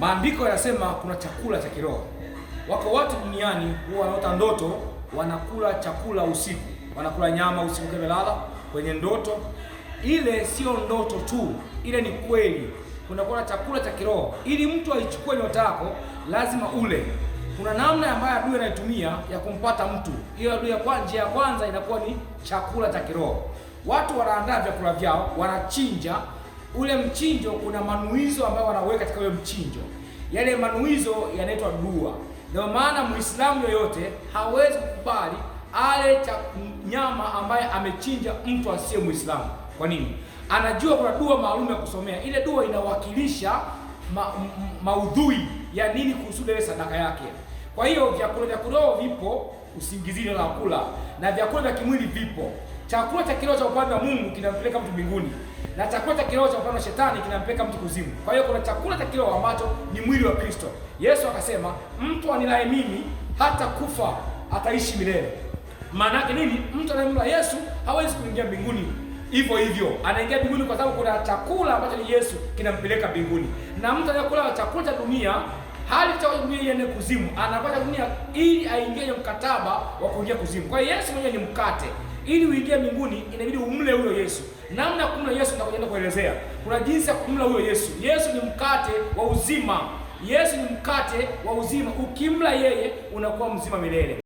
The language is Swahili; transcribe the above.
Maandiko yanasema kuna chakula cha kiroho. Wako watu duniani huwa wanaota ndoto, wanakula chakula usiku, wanakula nyama usiku, kemelala kwenye ndoto. Ile sio ndoto tu, ile ni kweli. Kunakuwa na chakula cha kiroho. Ili mtu aichukue nyota yako, lazima ule. Kuna namna ambayo adui anaitumia ya kumpata mtu. Hiyo adui ya kwanza, njia ya kwanza inakuwa ni chakula cha kiroho. Watu wanaandaa vyakula vyao, wanachinja ule mchinjo kuna manuizo ambayo wanaweka katika ule mchinjo, yale manuizo yanaitwa dua. Ndio maana Muislamu yoyote hawezi kukubali ale cha nyama ambaye amechinja mtu asiye Muislamu. Kwa nini? Anajua kuna dua maalum ya kusomea, ile dua inawakilisha ma, maudhui ya nini kuhusu ile sadaka yake. Kwa hiyo vyakula vya kiroho vipo usingizini na kula na vyakula vya kimwili vipo. Chakula cha kiroho cha upande wa Mungu kinampeleka mtu mbinguni na chakula cha kiroho cha upande wa shetani kinampeleka mtu kuzimu. Kwa hiyo kuna chakula cha kiroho ambacho ni mwili wa Kristo. Yesu akasema, mtu anilaye mimi hata kufa ataishi milele. Maana yake nini? Mtu anayemla Yesu hawezi kuingia mbinguni hivyo hivyo, anaingia mbinguni kwa sababu kuna chakula ambacho ni Yesu kinampeleka mbinguni, na mtu anayekula chakula cha dunia hali dunia iende kuzimu, anakwenda dunia ili aingie mkataba wa kuingia kuzimu. Kwa hiyo Yesu mwenyewe ni mkate ili uingie mbinguni inabidi umle huyo Yesu. Namna ya kumla Yesu nitakwenda kuelezea. Kuna jinsi ya kumla huyo Yesu. Yesu ni mkate wa uzima. Yesu ni mkate wa uzima. Ukimla yeye unakuwa mzima milele.